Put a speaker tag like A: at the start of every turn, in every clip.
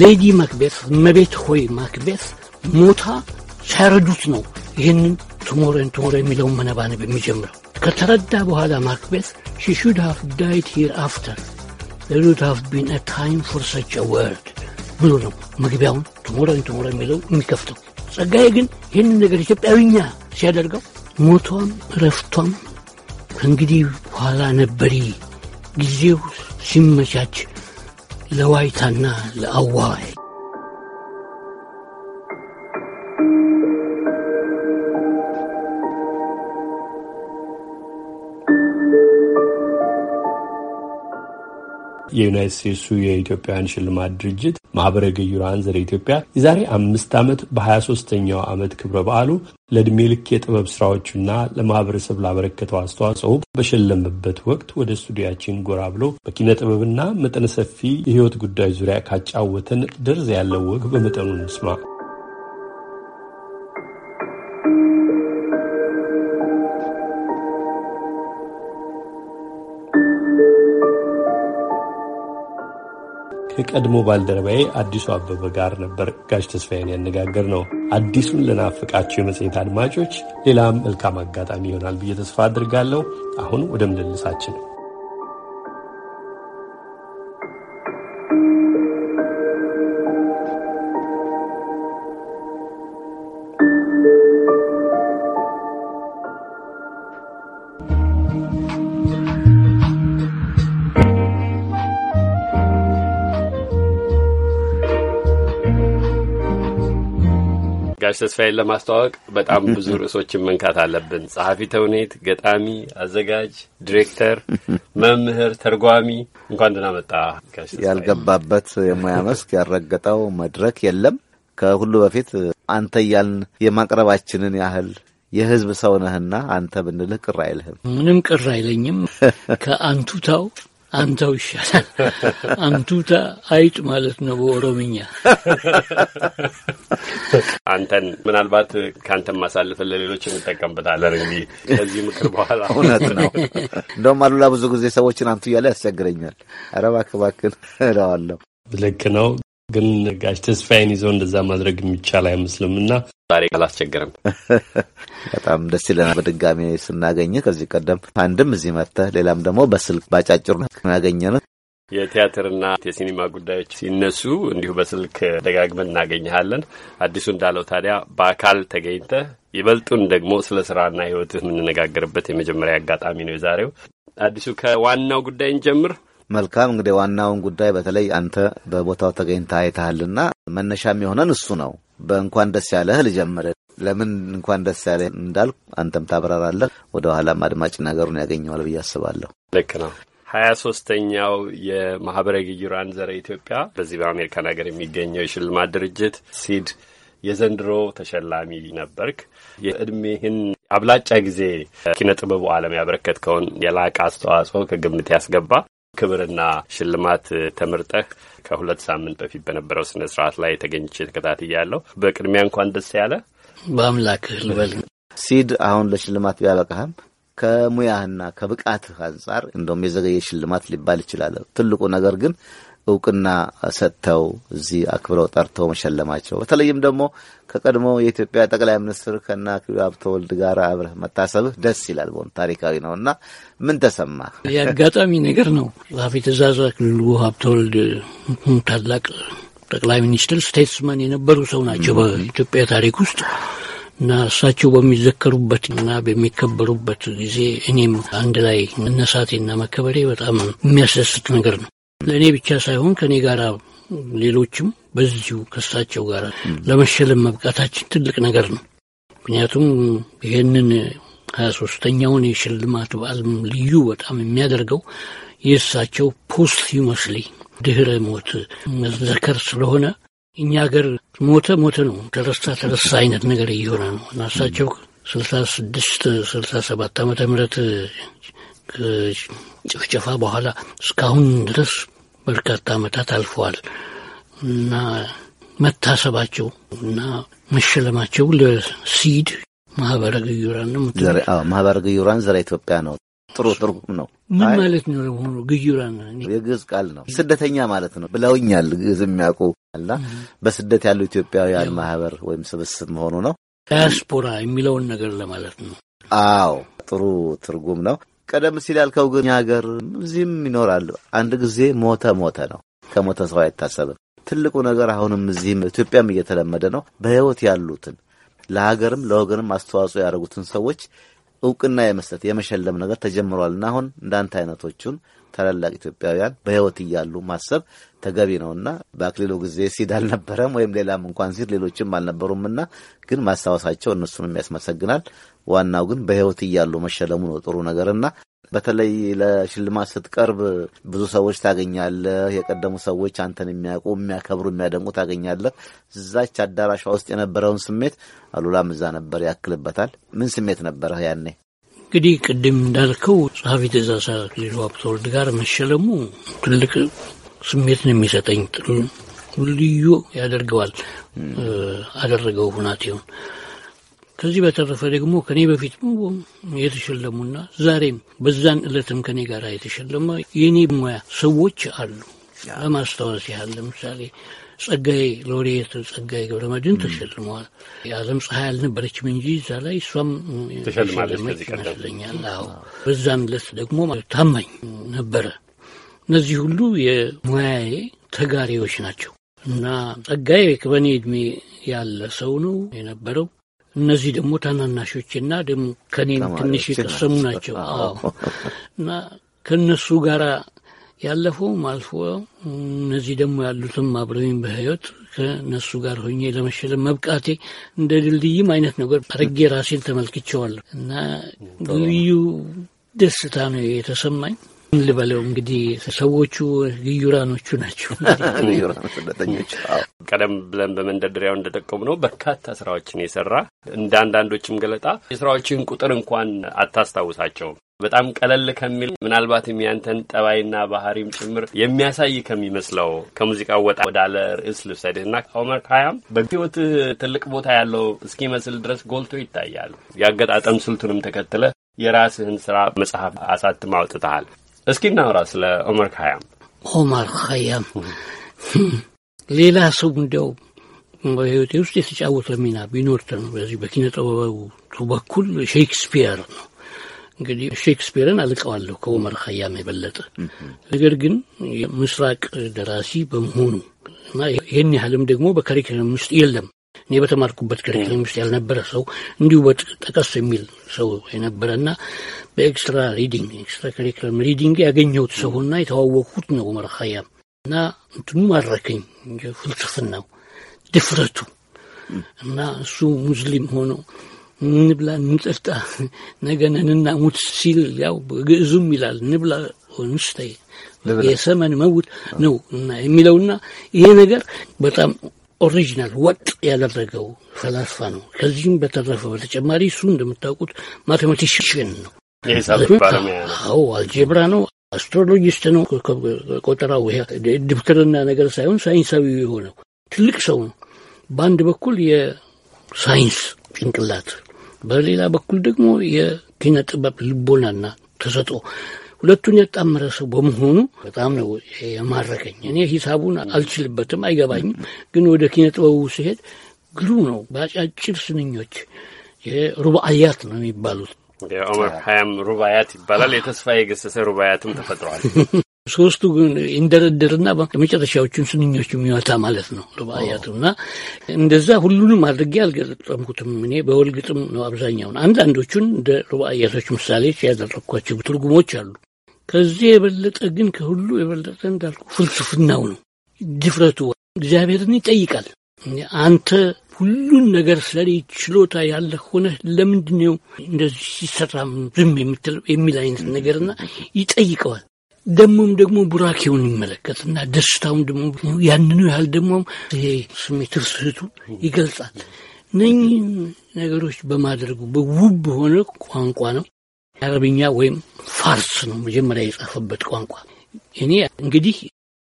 A: ሌዲ ማክቤት እመቤት ሆይ ማክቤት ሞታ ሳያረዱት ነው ይህንን ቱሞረን ቱሞረ የሚለውን መነባነብ የሚጀምረው። ከተረዳ በኋላ ማክቤት ሺ ሹድ ሃፍ ዳይት ሂር አፍተር ሩድ ሃፍ ቢን አ ታይም ፎር ሰች አ ወርድ ብሎ ነው መግቢያውን ቱሞረን ቱሞረ የሚለው የሚከፍተው። ጸጋዬ ግን ይህንን ነገር ኢትዮጵያዊኛ ሲያደርገው ሞቷም እረፍቷም ከእንግዲህ በኋላ ነበሪ ጊዜው ሲመቻች لوايتنا لأواي የዩናይት ስቴትሱ
B: የኢትዮጵያውያን ሽልማት ድርጅት ማህበረ ግዩራን ዘር ኢትዮጵያ የዛሬ አምስት ዓመት በሀያ ሶስተኛው ዓመት ክብረ በዓሉ ለዕድሜ ልክ የጥበብ ስራዎቹና ለማህበረሰብ ላበረከተው አስተዋጽኦ በሸለመበት ወቅት ወደ ስቱዲያችን ጎራ ብሎ በኪነ ጥበብና መጠነ ሰፊ የህይወት ጉዳይ ዙሪያ ካጫወተን ደርዝ ያለው ወግ በመጠኑ እንስማ። ከቀድሞ ባልደረባዬ አዲሱ አበበ ጋር ነበር ጋሽ ተስፋዬን ያነጋገር ነው። አዲሱን ለናፍቃቸው የመጽሔት አድማጮች ሌላም መልካም አጋጣሚ ይሆናል ብዬ ተስፋ አድርጋለሁ። አሁን ወደ ምልልሳችን ጋሽ ተስፋዬን ለማስተዋወቅ በጣም ብዙ ርዕሶችን መንካት አለብን። ጸሐፊ ተውኔት፣ ገጣሚ፣ አዘጋጅ፣ ዲሬክተር፣ መምህር፣ ተርጓሚ። እንኳን ደህና መጣ። ያልገባበት
C: የሙያ መስክ ያልረገጠው መድረክ የለም። ከሁሉ በፊት አንተ እያልን የማቅረባችንን ያህል የህዝብ ሰው ነህና አንተ ብንልህ ቅር አይልህም?
A: ምንም ቅር አይለኝም። ከአንቱታው አንተው ይሻላል። አንቱታ አይጥ ማለት ነው በኦሮምኛ።
B: አንተን ምናልባት ከአንተን ማሳልፍ ለሌሎች እንጠቀምበታለን። እንግዲህ ከዚህ ምክር በኋላ እውነት ነው።
C: እንደውም አሉላ ብዙ ጊዜ ሰዎችን አንቱ እያለ ያስቸግረኛል። ኧረ እባክህ እባክህ
B: እለዋለሁ። ልክ ነው። ግን ጋሽ ተስፋዬን ይዘው እንደዛ ማድረግ የሚቻል አይመስልም እና ዛሬ አላስቸግርም።
C: በጣም ደስ ይለናል በድጋሚ ስናገኝ። ከዚህ ቀደም አንድም እዚህ መጥተህ ሌላም ደግሞ በስልክ ባጫጭሩ ነው።
B: የቲያትርና የሲኒማ ጉዳዮች ሲነሱ እንዲሁ በስልክ ደጋግመን እናገኘሃለን። አዲሱ እንዳለው ታዲያ በአካል ተገኝተህ ይበልጡን ደግሞ ስለ ስራና ህይወትህ የምንነጋገርበት የመጀመሪያ አጋጣሚ ነው የዛሬው። አዲሱ ከዋናው ጉዳይን ጀምር።
C: መልካም እንግዲህ ዋናውን ጉዳይ በተለይ አንተ በቦታው ተገኝታ አይተሃልና መነሻ የሚሆነን እሱ ነው። በእንኳን ደስ ያለህ ልጀምር። ለምን እንኳን ደስ ያለ እንዳልኩ አንተም ታብራራለህ። ወደ ኋላም አድማጭ ነገሩን ያገኘዋል ብዬ አስባለሁ።
B: ልክ ነው። ሀያ ሶስተኛው የማህበረ ግዩራን ዘረ ኢትዮጵያ በዚህ በአሜሪካን ሀገር የሚገኘው የሽልማት ድርጅት ሲድ የዘንድሮ ተሸላሚ ነበርክ። የእድሜህን አብላጫ ጊዜ ኪነ ጥበቡ ዓለም ያበረከትከውን የላቀ አስተዋጽኦ ከግምት ያስገባ ክብርና ሽልማት ተመርጠህ ከሁለት ሳምንት በፊት በነበረው ስነ ስርዓት ላይ ተገኝቼ ተከታትያለሁ። በቅድሚያ እንኳን ደስ
A: ያለ በአምላክህ ልበል።
C: ሲድ አሁን ለሽልማት ቢያበቃህም ከሙያህና ከብቃትህ አንጻር እንደውም የዘገየ ሽልማት ሊባል ይችላል። ትልቁ ነገር ግን እውቅና ሰጥተው እዚህ አክብረው ጠርተው መሸለማቸው በተለይም ደግሞ ከቀድሞ የኢትዮጵያ ጠቅላይ ሚኒስትር ከነ አክሊሉ ሀብተወልድ ጋር አብረህ መታሰብህ ደስ ይላል። በሆን ታሪካዊ ነው እና ምን ተሰማ?
A: የአጋጣሚ ነገር ነው። ጸሐፊ ትእዛዝ አክሊሉ ሀብተወልድ ታላቅ ጠቅላይ ሚኒስትር ስቴትስመን የነበሩ ሰው ናቸው በኢትዮጵያ ታሪክ ውስጥ እና እሳቸው በሚዘከሩበት እና በሚከበሩበት ጊዜ እኔም አንድ ላይ መነሳቴና መከበሬ በጣም የሚያስደስት ነገር ነው። ለእኔ ብቻ ሳይሆን ከእኔ ጋር ሌሎችም በዚሁ ከእሳቸው ጋር ለመሸለም መብቃታችን ትልቅ ነገር ነው። ምክንያቱም ይህንን ሀያ ሶስተኛውን የሽልማት በዓል ልዩ በጣም የሚያደርገው የእሳቸው ፖስት ይመስሊ ድህረ ሞት መዘከር ስለሆነ እኛ ሀገር ሞተ ሞተ ነው፣ ተረሳ ተረሳ አይነት ነገር እየሆነ ነው እና እሳቸው ስልሳ ስድስት ስልሳ ሰባት ዓመተ ምህረት ጭፍጨፋ በኋላ እስካሁን ድረስ በርካታ ዓመታት አልፈዋል እና መታሰባቸው እና መሸለማቸው ለሲድ ማህበረ ግዩራን
C: ማህበረ ግዩራን ዘረ ኢትዮጵያ ነው። ጥሩ ትርጉም ነው።
A: ምን ማለት ነው ለመሆኑ? ግዩራን
C: የግዕዝ ቃል ነው፣ ስደተኛ ማለት ነው ብለውኛል ግዕዝ የሚያውቁ እና በስደት ያሉ ኢትዮጵያውያን ማህበር ወይም ስብስብ መሆኑ ነው።
A: ዳያስፖራ የሚለውን ነገር ለማለት ነው።
C: አዎ ጥሩ ትርጉም ነው። ቀደም ሲል ያልከው ግን ሀገር እዚህም ይኖራል። አንድ ጊዜ ሞተ ሞተ ነው። ከሞተ ሰው አይታሰብም። ትልቁ ነገር አሁንም እዚህም ኢትዮጵያም እየተለመደ ነው። በህይወት ያሉትን ለሀገርም ለወገንም አስተዋጽኦ ያደረጉትን ሰዎች እውቅና የመስጠት የመሸለም ነገር ተጀምሯልና አሁን እንዳንተ አይነቶቹን ታላላቅ ኢትዮጵያውያን በህይወት እያሉ ማሰብ ተገቢ ነውና በአክሊሉ ጊዜ ሲድ አልነበረም ወይም ሌላም እንኳን ሲድ ሌሎችም አልነበሩምና ግን ማስታወሳቸው እነሱንም ያስመሰግናል። ዋናው ግን በህይወት እያሉ መሸለሙ ነው ጥሩ ነገርና በተለይ ለሽልማት ስትቀርብ ብዙ ሰዎች ታገኛለህ። የቀደሙ ሰዎች አንተን የሚያውቁ የሚያከብሩ፣ የሚያደንቁ ታገኛለህ። እዛች አዳራሿ ውስጥ የነበረውን ስሜት አሉላም እዛ ነበር ያክልበታል። ምን ስሜት ነበረህ ያኔ?
A: እንግዲህ ቅድም እንዳልከው ጸሐፊ ትእዛዝ አክሊሉ ሀብተወልድ ጋር መሸለሙ ትልቅ ስሜት ነው የሚሰጠኝ። ልዩ ያደርገዋል። አደረገው ሁናቴውን ከዚህ በተረፈ ደግሞ ከኔ በፊት የተሸለሙና ዛሬም በዛን እለትም ከኔ ጋር የተሸለመ የኔ ሙያ ሰዎች አሉ። ለማስታወስ ያህል ለምሳሌ ጸጋዬ ሎሬት ጸጋዬ ገብረመድህን ተሸልመዋል። የዓለም ፀሐይ አልነበረችም እንጂ እዛ ላይ እሷም ተሸልማለች ይመስለኛል። አዎ በዛን ዕለት ደግሞ ታማኝ ነበረ። እነዚህ ሁሉ የሙያዬ ተጋሪዎች ናቸው እና ጸጋዬ ከበኔ እድሜ ያለ ሰው ነው የነበረው እነዚህ ደግሞ ታናናሾችና ደግሞ ከኔም ትንሽ የቀሰሙ ናቸው እና ከእነሱ ጋር ያለፈውም አልፎ እነዚህ ደግሞ ያሉትም አብረውኝ በህይወት ከእነሱ ጋር ሆኜ ለመሸለም መብቃቴ እንደ ድልድይም አይነት ነገር አድርጌ ራሴን ተመልክቼዋለሁ እና ልዩ ደስታ ነው የተሰማኝ። ልበለው እንግዲህ ሰዎቹ ልዩራኖቹ ናቸው።
B: ግዩራን ስደተኞች ቀደም ብለን በመንደርደሪያው እንደጠቀሙ ነው በርካታ ስራዎችን የሰራ እንደ አንዳንዶችም ገለጣ የስራዎችን ቁጥር እንኳን አታስታውሳቸውም። በጣም ቀለል ከሚል ምናልባት የሚያንተን ጠባይና ባህሪም ጭምር የሚያሳይ ከሚመስለው ከሙዚቃ ወጣ ወዳለ ርዕስ ልብሰድህ እና ኦመር ካያም በህይወት ትልቅ ቦታ ያለው እስኪመስል ድረስ ጎልቶ ይታያል። የአገጣጠም ስልቱንም ተከትለ የራስህን ስራ መጽሐፍ አሳትም አውጥተሃል። እስኪ እናውራ ስለ ኦመር ኸያም።
A: ኦመር ኸያም ሌላ ሰው እንዲያው በህይወቴ ውስጥ የተጫወተ ሚና ቢኖርተ ነው በዚህ በኪነ ጥበቡ በኩል ሼክስፒየር ነው። እንግዲህ ሼክስፒርን አልቀዋለሁ ከኦመር ኸያም የበለጠ ነገር ግን የምስራቅ ደራሲ በመሆኑ እና ይህን ያህልም ደግሞ በከሪክለም ውስጥ የለም እኔ በተማርኩበት ክሪክለም ውስጥ ያልነበረ ሰው እንዲሁ በጠቀስ የሚል ሰው የነበረና በኤክስትራ ሪዲንግ ኤክስትራ ክሪክለም ሪዲንግ ያገኘሁት ሰውና የተዋወቅኩት ነው ዑመር ኸያም እና እንትኑ ማረከኝ ፍልስፍናው፣ ድፍረቱ እና እሱ ሙስሊም ሆኖ እንብላ እንጠጣ ነገነን ሙት ሲል ያው ግዕዙም ይላል እንብላ እንስተይ የሰመን መውት ነው እና የሚለውና ይሄ ነገር በጣም ኦሪጂናል ወጥ ያደረገው ፈላስፋ ነው። ከዚህም በተረፈ በተጨማሪ እሱ እንደምታውቁት ማቴማቲሽን ነው። አዎ አልጀብራ ነው። አስትሮሎጂስት ነው። ቆጠራው ድብትርና ነገር ሳይሆን ሳይንሳዊ የሆነው ትልቅ ሰው ነው። በአንድ በኩል የሳይንስ ጭንቅላት፣ በሌላ በኩል ደግሞ የኪነ ጥበብ ልቦናና ተሰጥኦ ሁለቱን ያጣመረ ሰው በመሆኑ በጣም ነው የማረከኝ። እኔ ሂሳቡን አልችልበትም፣ አይገባኝም። ግን ወደ ኪነ ጥበቡ ሲሄድ ግሩም ነው። በአጫጭር ስንኞች የሩብአያት ነው የሚባሉት
B: የኦመር ሀያም ሩባያት ይባላል። የተስፋዬ ገሰሰ ሩባያትም ተፈጥረዋል።
A: ሶስቱ ግን እንደረደርና የመጨረሻዎቹን ስንኞቹ የሚመታ ማለት ነው ሩባያቱ እና እንደዛ ሁሉንም አድርጌ አልገጠምኩትም። እኔ በወል ግጥም ነው አብዛኛውን አንዳንዶቹን እንደ ሩባያቶች ምሳሌ ያደረግኳቸው ትርጉሞች አሉ። ከዚህ የበለጠ ግን ከሁሉ የበለጠ እንዳልኩ ፍልስፍናው ነው ድፍረቱ። እግዚአብሔርን ይጠይቃል። አንተ ሁሉን ነገር ሰሪ ችሎታ ያለ ሆነ ለምንድነው እንደዚህ ሲሰራ ዝም የምትለው የሚል አይነት ነገርና ይጠይቀዋል። ደሞም ደግሞ ቡራኬውን ይመለከትና ደስታውን ደሞ ያንኑ ያህል ደግሞ ይሄ ስሜት እርስህቱ ይገልጻል። ነኝ ነገሮች በማድረጉ በውብ በሆነ ቋንቋ ነው። አረብኛ ወይም ፋርስ ነው መጀመሪያ የጻፈበት ቋንቋ። እኔ እንግዲህ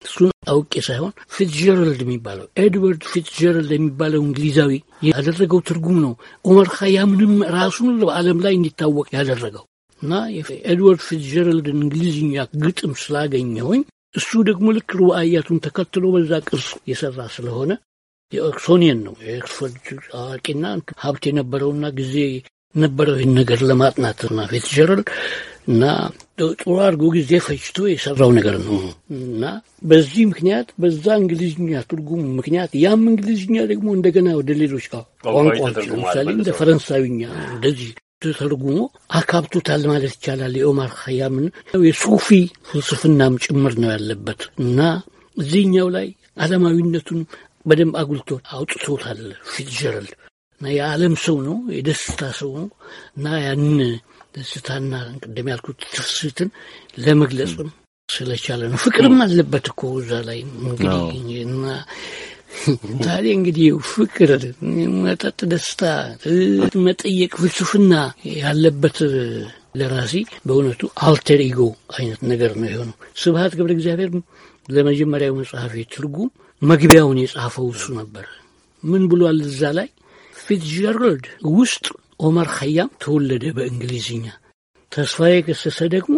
A: እሱን አውቄ ሳይሆን ፊትጀራልድ የሚባለው ኤድወርድ ፊትጀራልድ የሚባለው እንግሊዛዊ ያደረገው ትርጉም ነው ኦመር ኸያምንም ራሱን በዓለም ላይ እንዲታወቅ ያደረገው እና ኤድዋርድ ፊትጀራልድ እንግሊዝኛ ግጥም ስላገኘሁኝ እሱ ደግሞ ልክ ሩባያቱን ተከትሎ በዛ ቅርጽ የሰራ ስለሆነ የኦክሶኒየን ነው የኦክስፎርድ አዋቂና ሀብት የነበረውና ጊዜ ነበረው ይህን ነገር ለማጥናትና ፊትጀራልድ እና ጥሩ አድርጎ ጊዜ ፈጅቶ የሰራው ነገር ነው እና በዚህ ምክንያት በዛ እንግሊዝኛ ትርጉም ምክንያት ያም እንግሊዝኛ ደግሞ እንደገና ወደ ሌሎች ቋንቋዎች ለምሳሌ እንደ ፈረንሳዊኛ እንደዚህ ተርጉሞ አካብቶታል ማለት ይቻላል። የኦማር ኸያምን የሱፊ ፍልስፍናም ጭምር ነው ያለበት እና እዚህኛው ላይ ዓለማዊነቱን በደንብ አጉልቶ አውጥቶታል ፊትጀራልድ እና የዓለም ሰው ነው፣ የደስታ ሰው ነው እና ያንን ደስታና ቅድም ያልኩት ትፍስትን ለመግለጽም ስለቻለ ነው። ፍቅርም አለበት እኮ እዛ ላይ እንግዲህ እና ዛሬ እንግዲህ ፍቅር፣ መጠጥ፣ ደስታ፣ መጠየቅ፣ ፍልስፍና ያለበት ለራሲ በእውነቱ አልተር ኢጎ አይነት ነገር ነው የሆነው። ስብሀት ገብረ እግዚአብሔር ለመጀመሪያው መጽሐፍ ትርጉም መግቢያውን የጻፈው እሱ ነበር። ምን ብሏል እዛ ላይ? ፊትጀራልድ ውስጥ ኦማር ኸያም ተወለደ በእንግሊዝኛ። ተስፋዬ ገሰሰ ደግሞ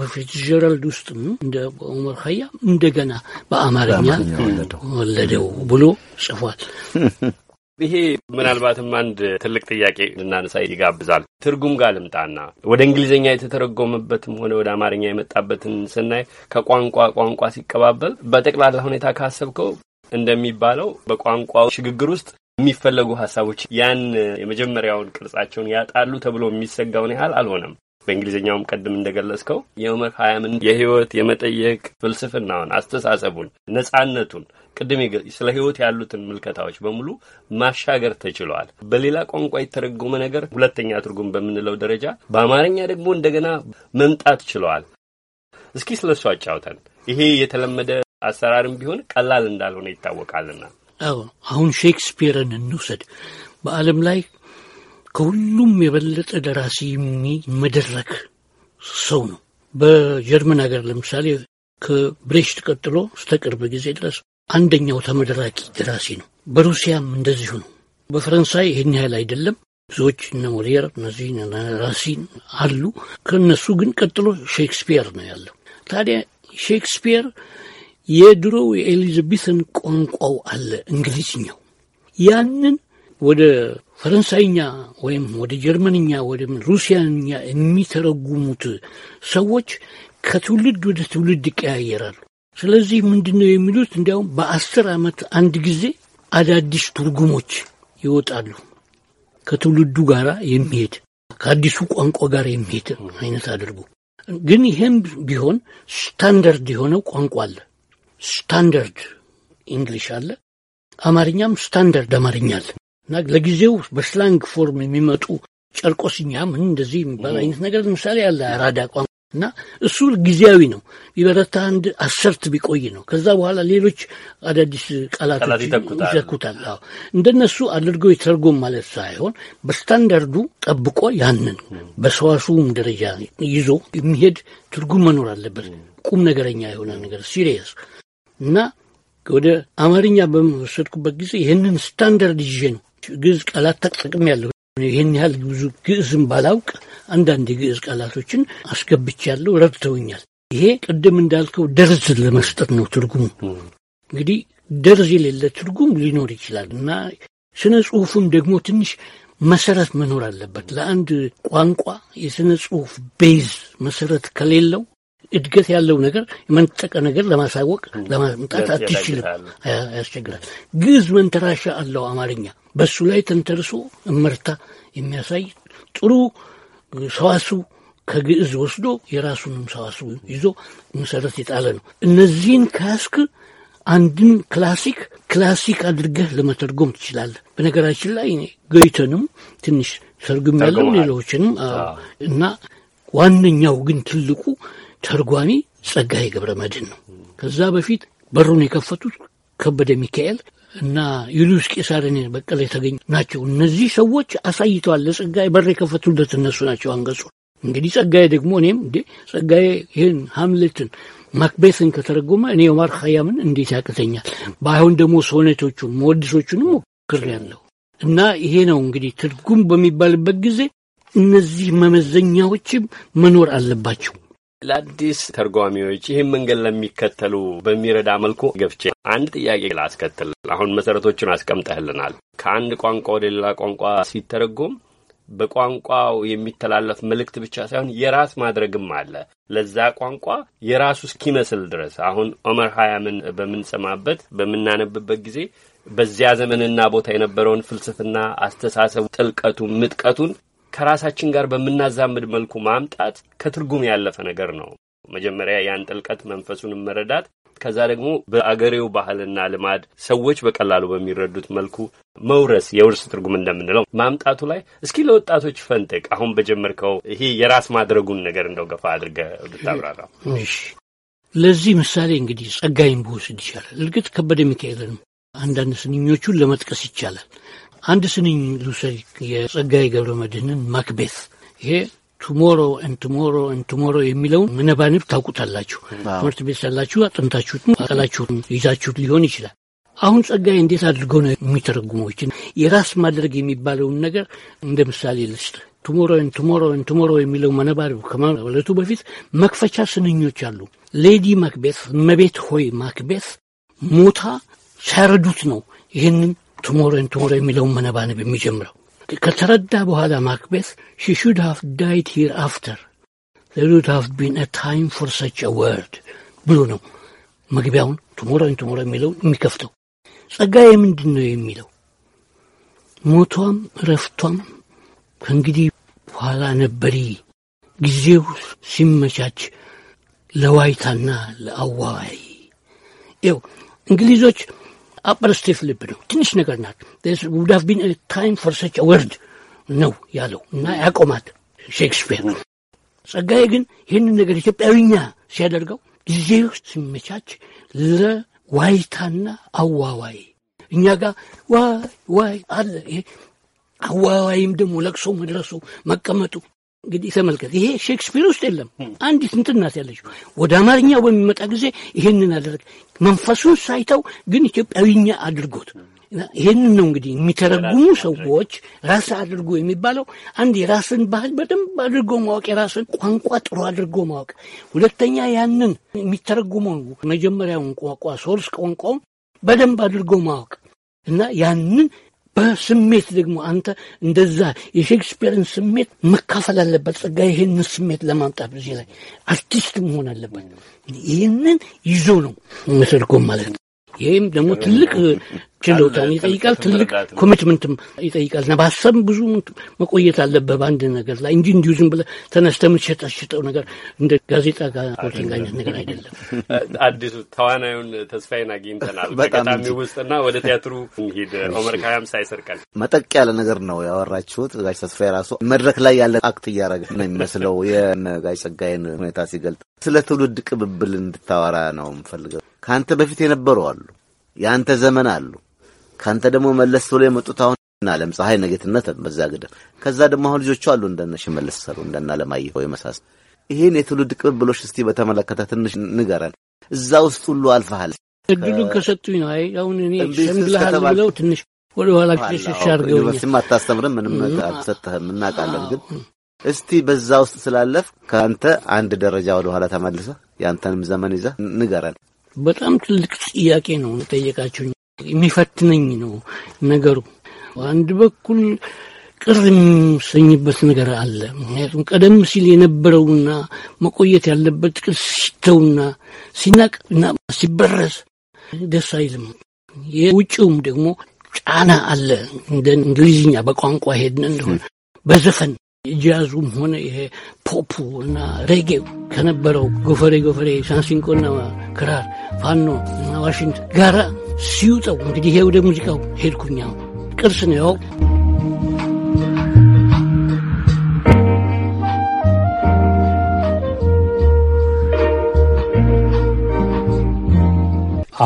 A: በፊት ጀረልድ ውስጥም እንደ ኦመር ኸያም እንደገና በአማርኛ ወለደው ብሎ ጽፏል።
B: ይሄ ምናልባትም አንድ ትልቅ ጥያቄ ልናነሳ ይጋብዛል። ትርጉም ጋር ልምጣና ወደ እንግሊዝኛ የተተረጎመበትም ሆነ ወደ አማርኛ የመጣበትን ስናይ ከቋንቋ ቋንቋ ሲቀባበል በጠቅላላ ሁኔታ ካሰብከው እንደሚባለው በቋንቋ ሽግግር ውስጥ የሚፈለጉ ሀሳቦች ያን የመጀመሪያውን ቅርጻቸውን ያጣሉ ተብሎ የሚሰጋውን ያህል አልሆነም። በእንግሊዝኛውም ቀድም እንደገለጽከው የዑመር ሀያምን የህይወት የመጠየቅ ፍልስፍናውን፣ አስተሳሰቡን፣ ነጻነቱን ቅድም ስለ ህይወት ያሉትን ምልከታዎች በሙሉ ማሻገር ተችሏል። በሌላ ቋንቋ የተረጎመ ነገር ሁለተኛ ትርጉም በምንለው ደረጃ በአማርኛ ደግሞ እንደገና መምጣት ችለዋል። እስኪ ስለ እሱ አጫውተን። ይሄ የተለመደ አሰራርም ቢሆን ቀላል እንዳልሆነ ይታወቃልና።
A: አዎ አሁን ሼክስፒርን እንውሰድ። በዓለም ላይ ከሁሉም የበለጠ ደራሲ የሚመደረክ ሰው ነው። በጀርመን ሀገር ለምሳሌ ከብሬሽት ቀጥሎ እስከ ቅርብ ጊዜ ድረስ አንደኛው ተመደራቂ ደራሲ ነው። በሩሲያም እንደዚሁ ነው። በፈረንሳይ ይህን ያህል አይደለም። ብዙዎች እነ ሞሊየር እነዚህ ራሲን አሉ። ከእነሱ ግን ቀጥሎ ሼክስፒየር ነው ያለው። ታዲያ ሼክስፒየር የድሮው የኤሊዛቤትን ቋንቋው አለ እንግሊዝኛው፣ ያንን ወደ ፈረንሳይኛ ወይም ወደ ጀርመንኛ ወይም ሩሲያኛ የሚተረጉሙት ሰዎች ከትውልድ ወደ ትውልድ ይቀያየራሉ። ስለዚህ ምንድን ነው የሚሉት? እንዲያውም በአስር ዓመት አንድ ጊዜ አዳዲስ ትርጉሞች ይወጣሉ። ከትውልዱ ጋር የሚሄድ ከአዲሱ ቋንቋ ጋር የሚሄድ አይነት አድርጉ። ግን ይህም ቢሆን ስታንዳርድ የሆነው ቋንቋ አለ። ስታንዳርድ እንግሊሽ አለ። አማርኛም ስታንዳርድ አማርኛ አለ። እና ለጊዜው በስላንግ ፎርም የሚመጡ ጨርቆስኛ ምን እንደዚህ የሚባል አይነት ነገር ለምሳሌ ያለ አራዳ ቋንቋ እና እሱ ጊዜያዊ ነው። ቢበረታ አንድ አሰርት ቢቆይ ነው። ከዛ በኋላ ሌሎች አዳዲስ ቃላቶች ይተኩታል። እንደነሱ አድርጎ የተርጎም ማለት ሳይሆን በስታንዳርዱ ጠብቆ ያንን በሰዋሱም ደረጃ ይዞ የሚሄድ ትርጉም መኖር አለበት። ቁም ነገረኛ የሆነ ነገር ሲሪየስ እና ወደ አማርኛ በመወሰድኩበት ጊዜ ይህንን ስታንዳርድ ይዤ ነው ግዕዝ ቃላት ተጠቅም ያለሁ ይህን ያህል ብዙ ግዕዝም ባላውቅ አንዳንድ የግዕዝ ቃላቶችን ያለው ረድተውኛል። ይሄ ቅድም እንዳልከው ደርዝ ለመስጠት ነው ትርጉሙ። እንግዲህ ደርዝ የሌለ ትርጉም ሊኖር ይችላል እና ስነ ጽሁፉም ደግሞ ትንሽ መሰረት መኖር አለበት። ለአንድ ቋንቋ የስነ ጽሁፍ ቤዝ መሰረት ከሌለው እድገት ያለው ነገር የመንጠቀ ነገር ለማሳወቅ ለማምጣት አትችልም፣ ያስቸግራል። ግዕዝ መንተራሻ አለው አማርኛ። በሱ ላይ ተንተርሶ እመርታ የሚያሳይ ጥሩ ሰዋስው ከግዕዝ ወስዶ የራሱንም ሰዋስው ይዞ መሰረት የጣለ ነው። እነዚህን ካስክ አንድን ክላሲክ ክላሲክ አድርገህ ለመተርጎም ትችላለህ። በነገራችን ላይ ገይተንም ትንሽ ተርጉም ያለው ሌሎችንም እና ዋነኛው ግን ትልቁ ተርጓሚ ጸጋዬ ገብረ መድን ነው። ከዛ በፊት በሩን የከፈቱት ከበደ ሚካኤል እና ዩልዩስ ቄሳርን በቀለ የተገኙ ናቸው። እነዚህ ሰዎች አሳይተዋል። ለጸጋዬ በር የከፈቱለት እነሱ ናቸው። አንገጹ እንግዲህ ጸጋዬ ደግሞ እኔም እንዴ ጸጋዬ ይህን ሀምሌትን ማክቤትን ከተረጎመ እኔ ኦማር ኸያምን እንዴት ያቅተኛል? በአሁን ደግሞ ሶኔቶቹን መወድሶቹንም ሞክሬያለሁ እና ይሄ ነው እንግዲህ ትርጉም በሚባልበት ጊዜ እነዚህ መመዘኛዎችም መኖር አለባቸው።
B: ለአዲስ ተርጓሚዎች ይህን መንገድ ለሚከተሉ በሚረዳ መልኩ ገፍቼ አንድ ጥያቄ ላስከትል። አሁን መሰረቶቹን አስቀምጠህልናል። ከአንድ ቋንቋ ወደ ሌላ ቋንቋ ሲተረጎም በቋንቋው የሚተላለፍ መልእክት ብቻ ሳይሆን የራስ ማድረግም አለ ለዛ ቋንቋ የራሱ እስኪመስል ድረስ። አሁን ኦመር ሀያምን በምንሰማበት በምናነብበት ጊዜ በዚያ ዘመንና ቦታ የነበረውን ፍልስፍና፣ አስተሳሰቡ፣ ጥልቀቱን፣ ምጥቀቱን ከራሳችን ጋር በምናዛምድ መልኩ ማምጣት ከትርጉም ያለፈ ነገር ነው። መጀመሪያ ያን ጥልቀት መንፈሱን መረዳት፣ ከዛ ደግሞ በአገሬው ባህልና ልማድ ሰዎች በቀላሉ በሚረዱት መልኩ መውረስ የውርስ ትርጉም እንደምንለው ማምጣቱ ላይ እስኪ ለወጣቶች ፈንጥቅ፣ አሁን በጀመርከው ይሄ የራስ ማድረጉን ነገር እንደው ገፋ አድርገ ብታብራራ።
A: እሺ፣ ለዚህ ምሳሌ እንግዲህ ጸጋይን ብወስድ ይቻላል። እርግጥ ከበደ ሚካኤልንም አንዳንድ ስንኞቹን ለመጥቀስ ይቻላል። አንድ ስንኝ ልውሰድ የጸጋይ ገብረ መድህንን ማክቤት ይሄ ቱሞሮ ኤን ቱሞሮ ኤን ቱሞሮ የሚለውን ምነባንብ ታውቁታላችሁ። ትምህርት ቤት ሳላችሁ አጥንታችሁት አቀላችሁ ይዛችሁት ሊሆን ይችላል። አሁን ጸጋይ እንዴት አድርጎ ነው የሚተረጉመው? የራስ ማድረግ የሚባለውን ነገር እንደ ምሳሌ ልስጥ። ቱሞሮ ኤን ቱሞሮ ኤን ቱሞሮ የሚለው መነባንብ ከማለቱ በፊት መክፈቻ ስንኞች አሉ። ሌዲ ማክቤት፣ መቤት ሆይ ማክቤት ሞታ ሳያረዱት ነው ይህንን ቱሞሬን ቱሞሬ የሚለውን መነባነብ የሚጀምረው ከተረዳ በኋላ ማክቤት ሺ ሹድ ሃፍ ዳይት ሂር አፍተር ዘሩድ ሃፍ ቢን አ ታይም ፎር ሰች ወርድ ብሎ ነው መግቢያውን ቱሞሬን ቱሞሬ የሚለውን የሚከፍተው። ጸጋዬ ምንድን ነው የሚለው ሞቷም እረፍቷም ከእንግዲህ በኋላ ነበሪ ጊዜው ሲመቻች ለዋይታና ለአዋይ ው እንግሊዞች ስቴፍ ልብ ነው። ትንሽ ነገር ናት። ውድ ሃቭ ቢን ታይም ፎር ሰች ወርድ ነው ያለው እና ያቆማት ሼክስፒር። ጸጋዬ ግን ይህንን ነገር ኢትዮጵያዊኛ ሲያደርገው ጊዜው ሲመቻች ለዋይታና አዋዋይ እኛ ጋር ዋይ ዋይ አለ። ይሄ አዋዋይም ደግሞ ለቅሶ መድረሱ መቀመጡ እንግዲህ ተመልከት፣ ይሄ ሼክስፒር ውስጥ የለም። አንዲት እንትን ናት ያለችው። ወደ አማርኛው በሚመጣ ጊዜ ይህንን አደረግ መንፈሱን ሳይተው ግን ኢትዮጵያዊኛ አድርጎት ይህንን ነው እንግዲህ የሚተረጉሙ ሰዎች ራስ አድርጎ የሚባለው አንድ የራስን ባህል በደንብ አድርጎ ማወቅ፣ የራስን ቋንቋ ጥሩ አድርጎ ማወቅ። ሁለተኛ ያንን የሚተረጉመው መጀመሪያውን ቋንቋ ሶርስ ቋንቋውን በደንብ አድርጎ ማወቅ እና ያንን በስሜት ደግሞ አንተ እንደዛ የሼክስፒርን ስሜት መካፈል አለበት። ጸጋ ይህንን ስሜት ለማምጣት እዚህ ላይ አርቲስት መሆን አለበት። ይህንን ይዞ ነው መተርጎም ማለት ነው። ይህም ደግሞ ትልቅ ችሎታን ይጠይቃል። ትልቅ ኮሚትመንትም ይጠይቃል። እና በሀሳብ ብዙ መቆየት አለብህ በአንድ ነገር ላይ እንጂ እንዲሁ ዝም ብለህ ተነስተህ የምትሸጣሸጠው ነገር እንደ ጋዜጣ ጋር አይነት ነገር አይደለም።
B: አዲሱ ተዋናዩን ተስፋዬን አግኝተናል። በጣም ውስጥና ወደ ቲያትሩ ሄድ ኦመር ካያም ሳይሰርቀን
C: መጠቅ ያለ ነገር ነው ያወራችሁት። ጋሽ ተስፋዬ ራሱ መድረክ ላይ ያለ አክት እያደረገ ነው የሚመስለው የጋሽ ጸጋዬን ሁኔታ ሲገልጥ ስለ ትውልድ ቅብብል እንድታወራ ነው የምፈልገው። ከአንተ በፊት የነበሩ አሉ፣ የአንተ ዘመን አሉ ከአንተ ደግሞ መለስ ብሎ የመጡት አሁን አለም ፀሐይ ነጌትነት በዛ ግድም ከዛ ደግሞ አሁን ልጆቹ አሉ እንደነ ሽመልስ ሰሩ እንደና ለማየሁ የመሳሰ ይህን የትውልድ ቅብብሎች እስቲ በተመለከተ ትንሽ ንገረን። እዛ ውስጥ ሁሉ አልፈሃል።
A: እድሉን ከሰጡኝ ነው። አይ አሁን እኔ ሸምግለሃል ብለው ትንሽ ወደ ኋላ ሸሽ አድርገው ዩኒቨርሲቲም
C: አታስተምርም ምንም አልሰጠህም እናውቃለን። ግን እስቲ በዛ ውስጥ ስላለፍ ከአንተ አንድ ደረጃ ወደ ኋላ ተመልሰህ ያንተንም ዘመን ይዘህ ንገረን።
A: በጣም ትልቅ ጥያቄ ነው ጠየቃችሁኝ። የሚፈትነኝ ነው ነገሩ። አንድ በኩል ቅር የሚሰኝበት ነገር አለ። ምክንያቱም ቀደም ሲል የነበረውና መቆየት ያለበት ቅር ሲተውና ሲናቅና ሲበረስ ደስ አይልም። የውጭውም ደግሞ ጫና አለ። እንደ እንግሊዝኛ በቋንቋ ሄድን እንደሆነ በዘፈን ጃዙም ሆነ ይሄ ፖፑ እና ሬጌው ከነበረው ጎፈሬ ጎፈሬ ሳንሲንቆና ክራር ፋኖ እና ዋሽንት ጋራ ሲውጠው እንግዲህ ይሄ ወደ ሙዚቃው ሄድኩኛ። ቅርስ ነው ያው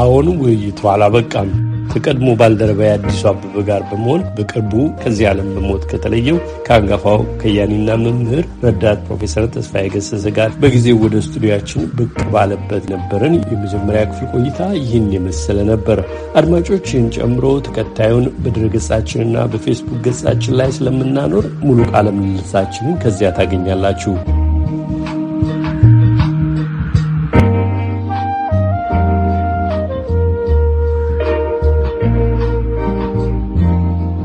B: አሁንም ውይይቱ አላበቃም። ከቀድሞ ባልደረባ የአዲሱ አበበ ጋር በመሆን በቅርቡ ከዚህ ዓለም በሞት ከተለየው ከአንጋፋው ከያኒና መምህር ረዳት ፕሮፌሰር ተስፋዬ ገሰሰ ጋር በጊዜው ወደ ስቱዲያችን ብቅ ባለበት ነበርን የመጀመሪያ ክፍል ቆይታ ይህን የመሰለ ነበር። አድማጮች፣ ይህን ጨምሮ ተከታዩን በድረ-ገፃችን ገጻችንና በፌስቡክ ገጻችን ላይ ስለምናኖር ሙሉ ቃለ ምልልሳችንን ከዚያ ታገኛላችሁ።